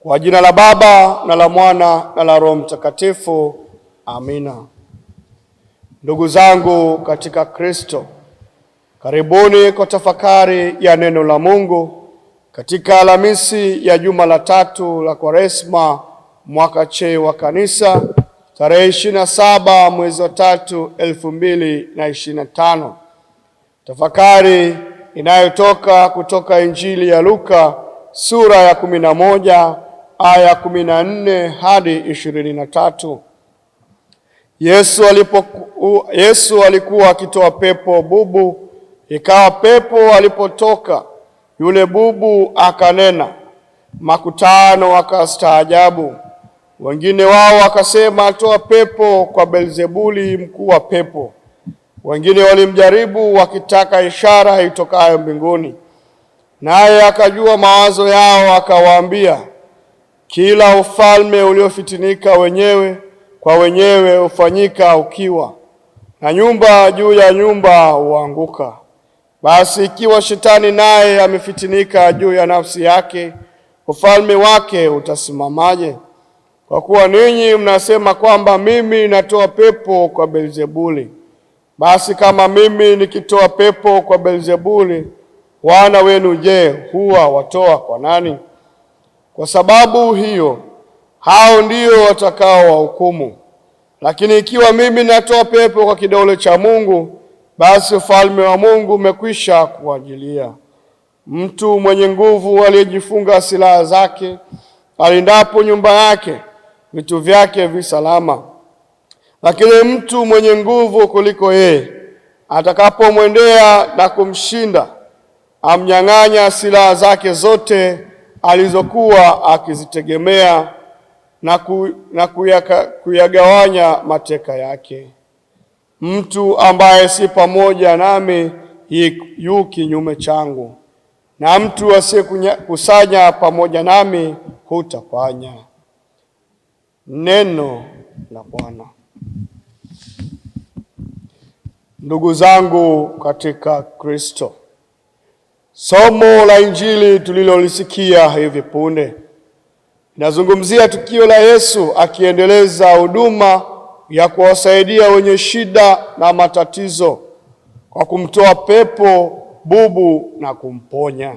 Kwa jina la Baba na la Mwana na la Roho Mtakatifu, amina. Ndugu zangu katika Kristo, karibuni kwa tafakari ya neno la Mungu katika Alhamisi ya juma la tatu la Kwaresma mwaka che wa Kanisa, tarehe ishirini na saba mwezi wa tatu elfu mbili na ishirini na tano. Tafakari inayotoka kutoka Injili ya Luka sura ya kumi na moja aya kumi na nne hadi ishirini na tatu. Yesu alipo, Yesu alikuwa akitoa pepo bubu, ikawa pepo alipotoka yule bubu akanena. Makutano akastaajabu, wengine wao wakasema atoa pepo kwa Beelzebuli mkuu wa pepo. Wengine walimjaribu wakitaka ishara itokayo mbinguni, naye akajua mawazo yao, akawaambia kila ufalme uliofitinika wenyewe kwa wenyewe hufanyika ukiwa, na nyumba juu ya nyumba huanguka. Basi ikiwa shetani naye amefitinika juu ya nafsi yake, ufalme wake utasimamaje? Kwa kuwa ninyi mnasema kwamba mimi natoa pepo kwa Beelzebuli. Basi kama mimi nikitoa pepo kwa Beelzebuli, wana wenu je, huwa watoa kwa nani? Kwa sababu hiyo hao ndio watakao wahukumu Lakini ikiwa mimi natoa pepo kwa kidole cha Mungu, basi ufalme wa Mungu umekwisha kuajilia. Mtu mwenye nguvu aliyejifunga silaha zake alindapo nyumba yake, vitu vyake visalama. Lakini mtu mwenye nguvu kuliko yeye atakapomwendea na kumshinda, amnyang'anya silaha zake zote alizokuwa akizitegemea na, ku, na kuyaka, kuyagawanya mateka yake. Mtu ambaye si pamoja nami yu kinyume changu, na mtu asiyekusanya pamoja nami hutapanya. Neno la Bwana. Ndugu zangu katika Kristo Somo la Injili tulilolisikia hivi punde linazungumzia tukio la Yesu akiendeleza huduma ya kuwasaidia wenye shida na matatizo kwa kumtoa pepo bubu na kumponya.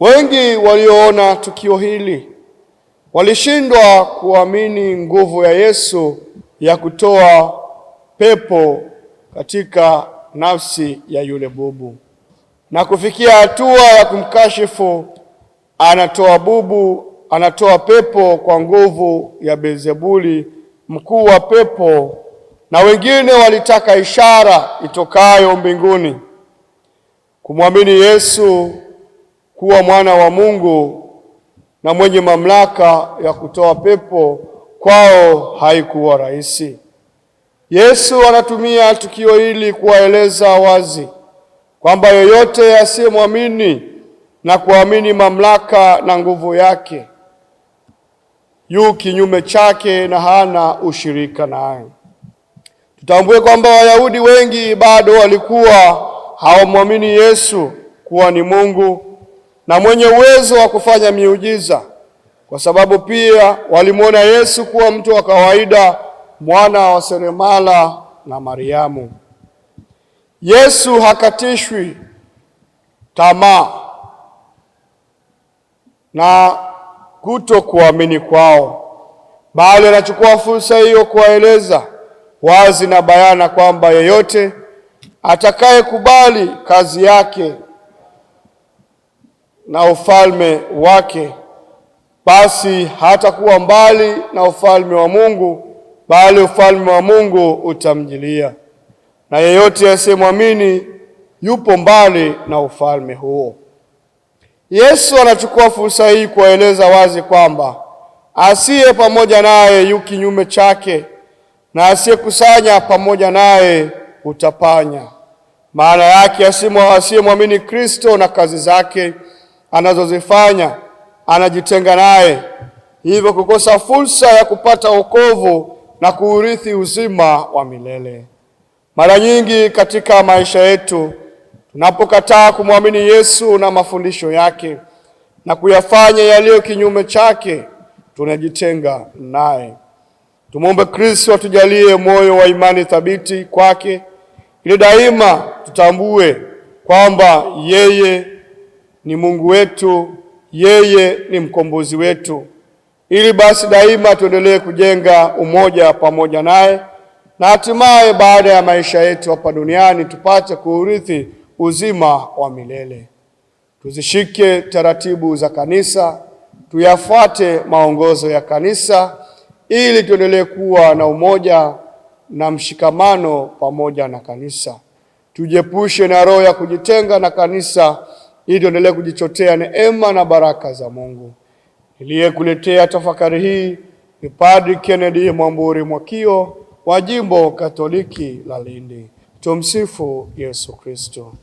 Wengi walioona tukio hili walishindwa kuamini nguvu ya Yesu ya kutoa pepo katika nafsi ya yule bubu na kufikia hatua ya kumkashifu, anatoa bubu, anatoa pepo kwa nguvu ya Beelzebuli, mkuu wa pepo, na wengine walitaka ishara itokayo mbinguni. Kumwamini Yesu kuwa mwana wa Mungu na mwenye mamlaka ya kutoa pepo kwao haikuwa rahisi. Yesu anatumia tukio hili kuwaeleza wazi kwamba yoyote asiyemwamini na kuamini mamlaka na nguvu yake yu kinyume chake na hana ushirika naye. Tutambue kwamba Wayahudi wengi bado walikuwa hawamwamini Yesu kuwa ni Mungu na mwenye uwezo wa kufanya miujiza, kwa sababu pia walimwona Yesu kuwa mtu wa kawaida, mwana wa seremala na Mariamu. Yesu hakatishwi tamaa na kuto kuamini kwao, bali anachukua fursa hiyo kuwaeleza wazi na bayana kwamba yeyote atakayekubali kazi yake na ufalme wake basi hatakuwa mbali na ufalme wa Mungu, bali ufalme wa Mungu utamjilia na yeyote asiyemwamini yupo mbali na ufalme huo. Yesu anachukua fursa hii kuwaeleza wazi kwamba asiye pamoja naye yu kinyume chake, na asiyekusanya pamoja naye utapanya Maana yake asiyemwamini Kristo na kazi zake anazozifanya anajitenga naye, hivyo kukosa fursa ya kupata wokovu na kuurithi uzima wa milele. Mara nyingi katika maisha yetu tunapokataa kumwamini Yesu na mafundisho yake na kuyafanya yaliyo kinyume chake, tunajitenga naye. Tumwombe Kristo atujalie moyo wa imani thabiti kwake, ili daima tutambue kwamba yeye ni Mungu wetu, yeye ni mkombozi wetu, ili basi daima tuendelee kujenga umoja pamoja naye na hatimaye baada ya maisha yetu hapa duniani tupate kuurithi uzima wa milele. Tuzishike taratibu za kanisa, tuyafuate maongozo ya kanisa ili tuendelee kuwa na umoja na mshikamano pamoja na kanisa. Tujiepushe na roho ya kujitenga na kanisa ili tuendelee kujichotea neema na baraka za Mungu. Niliyekuletea tafakari hii ni Padri Kennedy Mwamburi Mwakio wa Jimbo Katoliki la Lindi. Tumsifu Yesu Kristo.